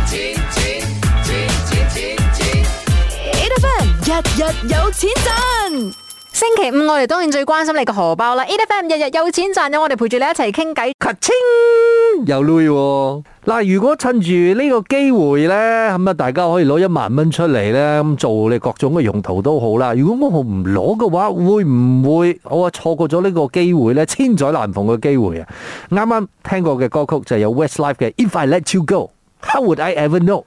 錢錢，錢錢錢錢錢錢 e t f 日日有錢賺。星期五我哋當然最關心你個荷包啦。E.T.F.M. 日日有錢賺，有我哋陪住你一齊傾偈 c u 又累。嗱，如果趁住呢個機會呢，咁啊，大家可以攞一萬蚊出嚟，呢，咁做你各種嘅用途都好啦。如果我唔攞嘅話，會唔會我話錯過咗呢個機會呢，千載難逢嘅機會啊！啱啱聽過嘅歌曲就係，有 Westlife 嘅 If I Let You Go。How would I ever know？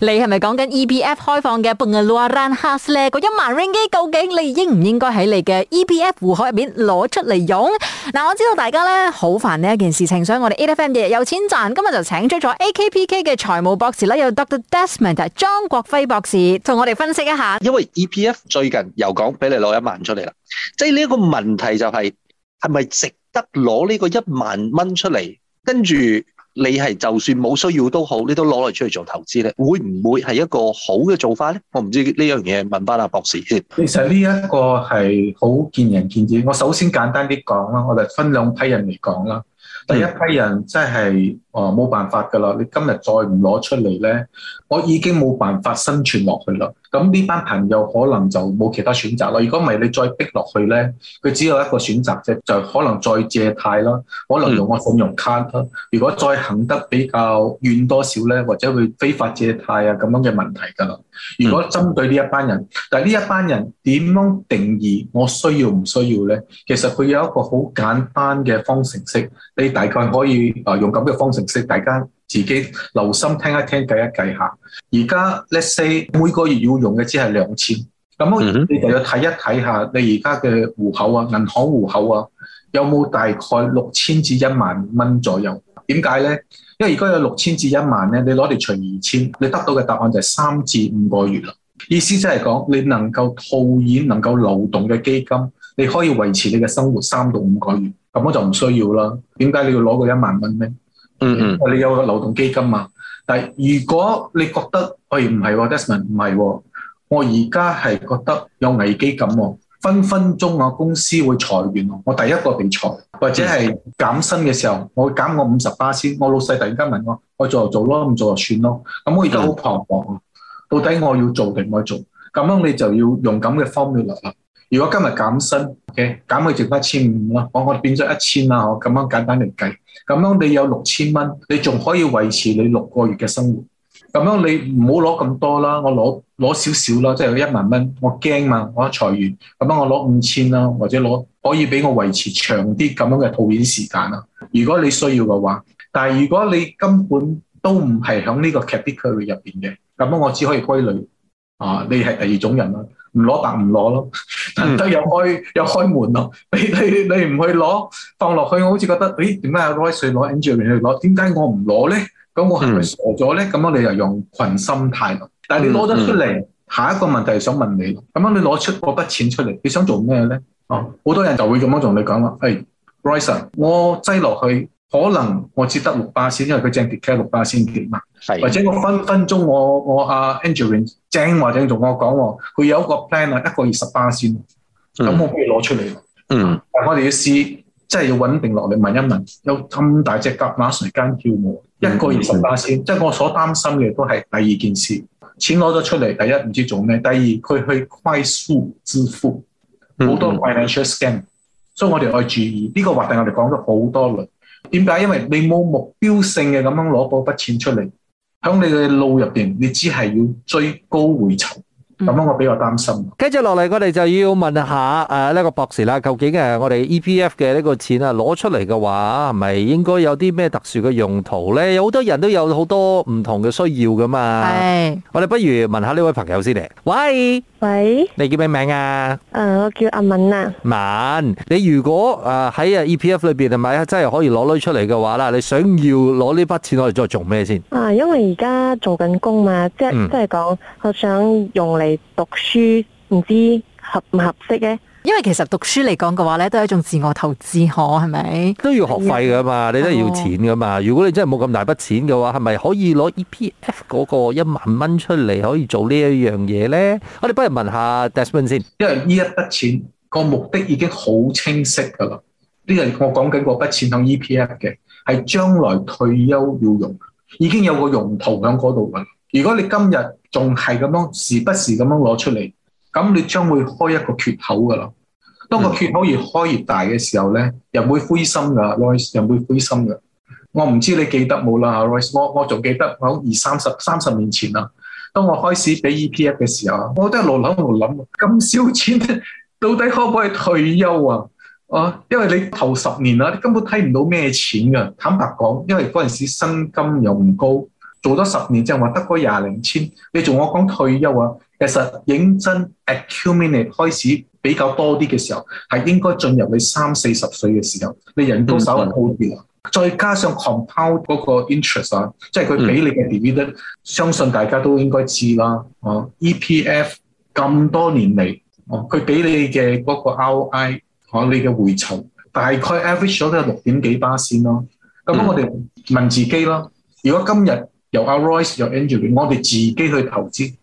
你係咪講緊 EPF 開放嘅 Pengeluaran Khas 咧？嗰一萬 ringgit 究竟你應唔應該喺你嘅 EPF 戶口入邊攞出嚟用？嗱，我知道大家咧好煩呢一件事情，所以我哋 ATFM 日日有錢賺，今日就請出咗 AKPK 嘅財務博士啦，有 Dr. Desmond 就係莊國輝博士，同我哋分析一下。因為 EPF 最近又講俾你攞一萬出嚟啦，即係呢一個問題就係係咪值得攞呢個一萬蚊出嚟？跟住。你係就算冇需要都好，你都攞嚟出嚟做投資咧，會唔會係一個好嘅做法咧？我唔知呢樣嘢問翻阿博士先。其實呢一個係好見仁見智。我首先簡單啲講啦，我哋分兩批人嚟講啦。第一批人即係哦冇辦法㗎啦，你今日再唔攞出嚟咧，我已經冇辦法生存落去啦。咁呢班朋友可能就冇其他選擇啦。如果唔係你再逼落去咧，佢只有一個選擇啫，就可能再借貸啦，可能用我信用卡啦。如果再行得比較遠多少咧，或者會非法借貸啊，咁樣嘅問題噶啦。如果針對呢一班人，但係呢一班人點樣定義我需要唔需要咧？其實佢有一個好簡單嘅方程式，你大概可以啊用咁嘅方程式大家。自己留心聽一聽，計一計下。而家 Let's say 每個月要用嘅只係兩千，咁你就要睇一睇下，你而家嘅戶口啊，銀行戶口啊，有冇大概六千至一萬蚊左右？點解咧？因為而家有六千至一萬咧，你攞嚟除二千，你得到嘅答案就係三至五個月啦。意思即係講，你能夠套現、能夠流動嘅基金，你可以維持你嘅生活三到五個月，咁我就唔需要啦。點解你要攞個一萬蚊咧？嗯嗯，你有個流動基金嘛？但係如果你覺得，喂、哎，唔係喎，Desmond 唔係喎，我而家係覺得有危機感、啊，分分鐘我公司會裁員，我第一個被裁，或者係減薪嘅時候，我減我五十八先。我老細突然間問我，我做就做咯，唔做就算咯。咁我而家好彷徨啊，到底我要做定唔要做？咁樣你就要用咁嘅 formula 啦。如果今日減薪，OK，減去剩一千五啦，我我變咗一千啦，我咁樣簡單嚟計，咁樣你有六千蚊，你仲可以維持你六個月嘅生活。咁樣你唔好攞咁多啦，我攞攞少少啦，即係有一萬蚊，我驚嘛，我一裁員，咁樣我攞五千啦，或者攞可以俾我維持長啲咁樣嘅套現時間啦。如果你需要嘅話，但係如果你根本都唔係喺呢個 category 入面嘅，咁樣我只可以歸類，啊，你係第二種人啦。唔攞白唔攞咯，得又開又開門咯。你你你唔去攞放落去，我好似覺得，咦點解 Royce 攞 Angel 去攞，點解我唔攞咧？咁我係咪傻咗咧？咁樣你又用群心態度。但係你攞得出嚟、嗯嗯，下一個問題想問你，咁樣你攞出嗰筆錢出嚟，你想做咩咧？哦，好很多人就會咁樣同你講啦，係、哎、Royce 我擠落去。可能我只得六巴仙，因為佢正跌開六巴仙點嘛。係或者我分分鐘我我阿 Angela 鄭華正同我講、啊，佢有一個 plan 啊，一個月十八巴仙。咁、嗯、我可以攞出嚟。嗯，但我哋要試，即係要穩定落嚟問一問，有咁大隻蛤乸，隨街跳舞？嗯、一個月十八巴仙，即係、嗯就是、我所擔心嘅都係第二件事，錢攞咗出嚟，第一唔知做咩，第二佢去快速支付，好、嗯、多 financial scam，、嗯、所以我哋要注意呢、這個話題，我哋講咗好多輪。點解？因為你冇目標性嘅咁樣攞嗰筆錢出嚟，喺你嘅路入邊，你只係要追高回酬。咁樣我比較擔心。跟住落嚟，我哋就要問下誒呢個博士啦，究竟誒我哋 E P F 嘅呢個錢啊攞出嚟嘅話，係咪應該有啲咩特殊嘅用途咧？有好多人都有好多唔同嘅需要噶嘛。係我哋不如問下呢位朋友先嚟。喂喂，你叫咩名啊？誒，我叫阿敏啊。敏，你如果誒喺誒 E P F 裏邊係咪真係可以攞呢出嚟嘅話啦？你想要攞呢筆錢我哋再做咩先？啊，因為而家做緊工嘛，即係即係講，我想用嚟。係讀書唔知合唔合適咧？因為其實讀書嚟講嘅話咧，都係一種自我投資，可係咪？都要學費噶嘛的，你都係要錢噶嘛。哦、如果你真係冇咁大筆錢嘅話，係咪可以攞 E P F 嗰個一萬蚊出嚟，可以做這呢一樣嘢咧？我哋不如問一下 Desmond 先，因為呢一筆錢個目的已經好清晰噶啦。呢個我講緊嗰筆錢響 E P F 嘅，係將來退休要用，已經有個用途響嗰度噶。如果你今日，仲係咁樣時不時咁樣攞出嚟，咁你將會開一個缺口噶啦。當個缺口越開越大嘅時候咧、嗯，又會灰心噶，Royce 又會灰心嘅。我唔知你記得冇啦，Royce，我我仲記得我二三十三十年前啦，當我開始俾 EPF 嘅時候，我都一路諗一路諗，咁少錢，到底可唔可以退休啊？啊，因為你頭十年啦，你根本睇唔到咩錢嘅。坦白講，因為嗰陣時薪金又唔高。做咗十年之後話得個廿零千，20, 000, 你仲我講退休啊？其實認真 accumulate 開始比較多啲嘅時候，係應該進入你三四十歲嘅時候，你人到手好啲啊。再加上 compound 嗰個 interest 啊，嗯、即係佢俾你嘅 dividend，、嗯、相信大家都應該知道啦。哦，E.P.F 咁多年嚟，哦佢俾你嘅嗰個 R.O.I，哦你嘅回酬大概 average 咗都有六點幾巴仙咯。咁我哋問自己咯，如果今日？由阿 Royce、由 Angeline，我哋自己去投資，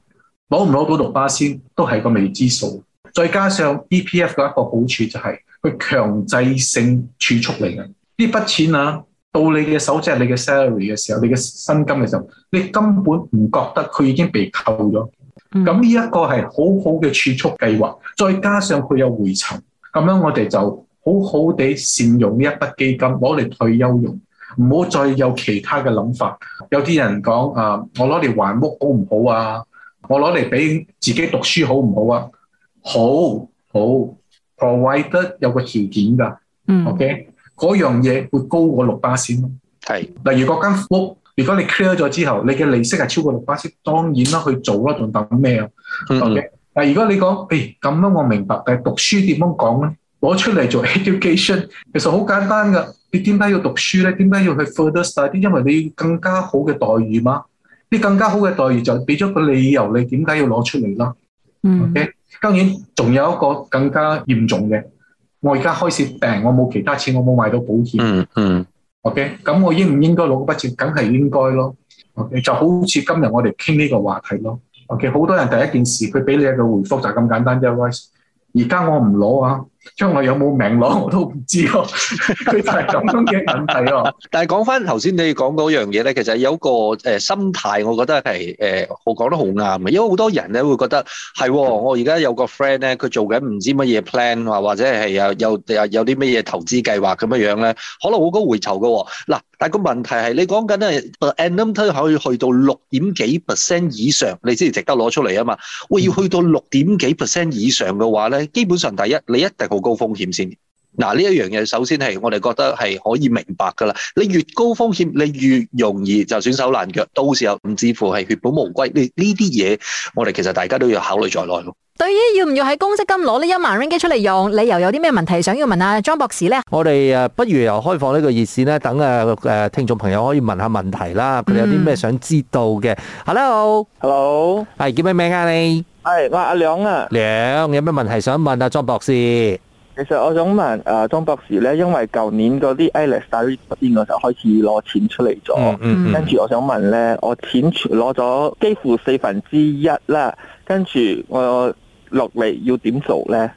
攞唔攞到六八先都係個未知數。再加上 EPF 嘅一個好處就係佢強制性儲蓄嚟嘅，呢筆錢啊到你嘅手即係你嘅 salary 嘅時候，你嘅薪金嘅時候，你根本唔覺得佢已經被扣咗。咁呢一個係好好嘅儲蓄計劃，再加上佢有回酬，咁樣我哋就好好哋善用呢一筆基金攞嚟退休用。唔好再有其他嘅諗法。有啲人講啊，我攞嚟還屋好唔好啊？我攞嚟俾自己讀書好唔好啊？好，好，provide 得有個條件㗎。嗯。OK，嗰樣嘢會高過六巴仙咯。係。例如嗰間屋，如果你 clear 咗之後，你嘅利息係超過六巴仙，當然啦去做啦，仲等咩啊？OK。但如果你講，誒、欸、咁樣我明白，但係讀書點樣講咧？攞出嚟做 education，其實好簡單㗎。你點解要讀書咧？點解要去 further study？因為你更加好嘅待遇嘛。你更加好嘅待遇就俾咗個理由你，你點解要攞出嚟咯？嗯，OK。當然仲有一個更加嚴重嘅，我而家開始病，我冇其他錢，我冇買到保險。嗯嗯。OK，咁我應唔應該攞嗰筆錢？梗係應該咯。OK，就好似今日我哋傾呢個話題咯。OK，好多人第一件事佢俾你一個回覆就咁簡單，just advice。而家我唔攞啊。將來有冇名落我都唔知哦，佢就係咁樣嘅問題咯。但係講翻頭先你講嗰樣嘢咧，其實有一個誒心態，我覺得係誒我講得好啱嘅。因為好多人咧會覺得係，我而家有個 friend 咧，佢做緊唔知乜嘢 plan，或或者係有有有啲乜嘢投資計劃咁樣樣咧，可能好高回酬噶。嗱。但個問題係，你講緊係 annual 可以去到六點幾 percent 以上，你先至值得攞出嚟啊嘛！我要去到六點幾 percent 以上嘅話咧，基本上第一你一定好高風險先。嗱，呢一樣嘢首先係我哋覺得係可以明白噶啦。你越高風險，你越容易就損手爛腳，到時候唔止乎係血本無歸。呢呢啲嘢我哋其實大家都要考慮在內。對於要唔要喺公積金攞呢一萬 ringgit 出嚟用，你又有啲咩問題想要問阿莊博士咧？我哋啊，不如又開放呢個熱線咧，等誒誒聽眾朋友可以問下問題啦。佢哋有啲咩想知道嘅？Hello，Hello，係叫咩名啊？你係，我係阿梁啊。梁有咩問題想問啊？莊博士？其實我想問誒，莊、啊、博士咧，因為舊年嗰啲 Alex、David 嗰邊我就開始攞錢出嚟咗、嗯嗯嗯，跟住我想問咧，我錢全攞咗幾乎四分之一啦，跟住我落嚟要點做咧？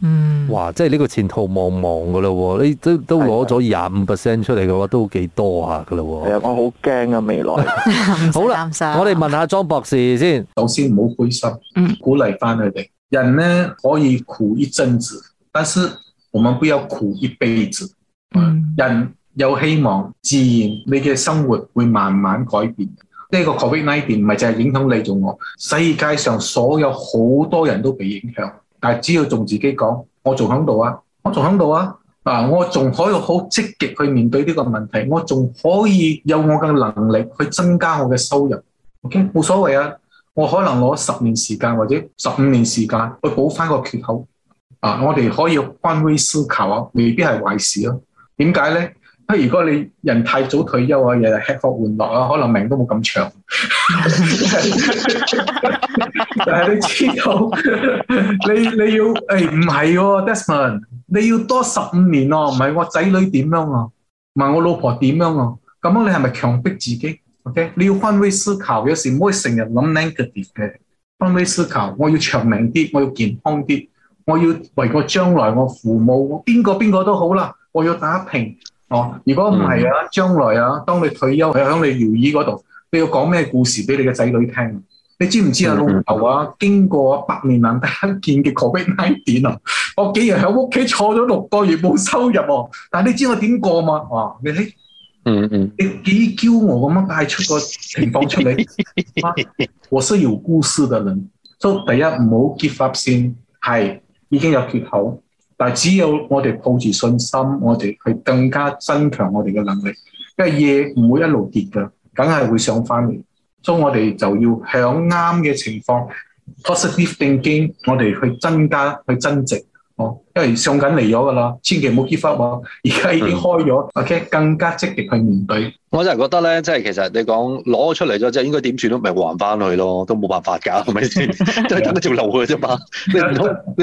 嗯，哇，即係呢個前途茫茫噶喎、啊。你都都攞咗廿五 percent 出嚟嘅話，都幾多下噶喎。我好驚啊，未來。 好啦，我哋問，問下莊博士先，首先唔好灰心，嗯、鼓勵翻佢哋。人咧可以苦一陣子。但是我們不要苦一輩子，人有希望，自然你嘅生活會慢慢改變。呢個 COVID-19 唔係就係影響你做我，世界上所有好多人都被影響，但係只要同自己講，我仲喺度啊，我仲喺度啊，啊，我仲可以好積極去面對呢個問題，我仲可以有我嘅能力去增加我嘅收入，ok 冇所謂啊，我可能攞十年時間或者十五年時間去補翻個缺口。啊！我哋可以換位思考啊，未必係壞事咯、啊。點解咧？譬如，如果你人太早退休啊，日日吃喝玩樂啊，可能命都冇咁長。 但係你知道，你你要誒唔係，Desmond，你要多十五年哦、啊。唔係我仔女點樣啊？唔係我老婆點樣啊？咁樣你係咪強迫自己？OK，你要換位思考，有時唔可以成日諗 negative 嘅換位思考。我要長命啲，我要健康啲。我要為我將來我父母邊個邊個都好啦，我要打拼哦、啊。如果唔係啊，將來啊，當你退休喺響你搖椅嗰度，你要講咩故事俾你嘅仔女聽？你知唔知啊？老頭啊，經過百年難得一見嘅 COVID-19 啊，我竟然喺屋企坐咗六個月冇收入哦，但係你知我點過嘛？你你嗯嗯，你幾驕傲咁樣帶出個情況出嚟。我是要有故事嘅人，所以第一唔好 give up 係。先不要已經有缺口，但只有我哋抱持信心，我哋去更加增強我哋嘅能力，因為嘢唔會一路跌嘅，梗係會上翻嚟，所以我哋就要響啱嘅情況，positive thinking，我哋去增加去增值，哦。因為送緊嚟咗噶啦，千祈唔好 give up。而家已經開咗、嗯、更加積極去面對。我就係覺得咧，即係其實你講攞出嚟咗之後，應該點算咧？咪還翻去咯，都冇辦法噶，係咪先？即 係 得一條路嘅啫嘛。你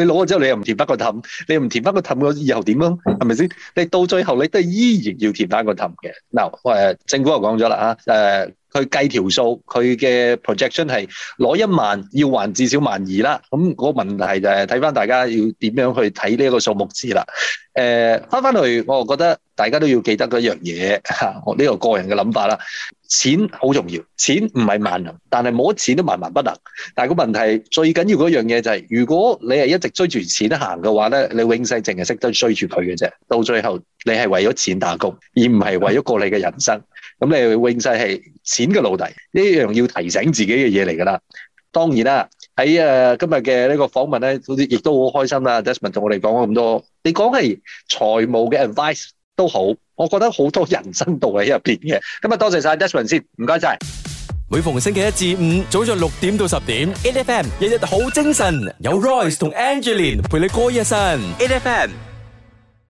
你攞咗之後不，你不又唔填翻個氹，你又唔填翻個氹，個以後點樣？係咪先？你到最後你都係依然要填翻個氹嘅。嗱、no,，誒，政府又講咗啦，吓，誒，佢計條數，佢嘅 projection 係攞一萬，要還至少萬二啦。咁個問題就係睇翻大家要點樣去睇。呢一個數目字啦，誒，翻翻去我覺得大家都要記得嗰樣嘢嚇，呢個個人嘅諗法啦。錢好重要，錢唔係萬能，但係冇錢都萬萬不能。但係個問題最緊要嗰樣嘢就係，如果你係一直追住錢行嘅話咧，你永世淨係識得追住佢嘅啫。到最後你係為咗錢打工，而唔係為咗過你嘅人生。咁你永世係錢嘅奴隸，呢樣要提醒自己嘅嘢嚟㗎啦。當然啦。喺，誒今日嘅呢個訪問咧，好似亦都好開心啦。Desmond 同我哋講咗咁多，你講係財務嘅 advice 都好，我覺得好多人生道理喺入邊嘅。咁今日，多謝曬 Desmond 先，唔該曬。每逢星期一至五，早上六點到十點，8FM，日日好精神，有 Royce 同 Angeline 陪你過一晨，8FM。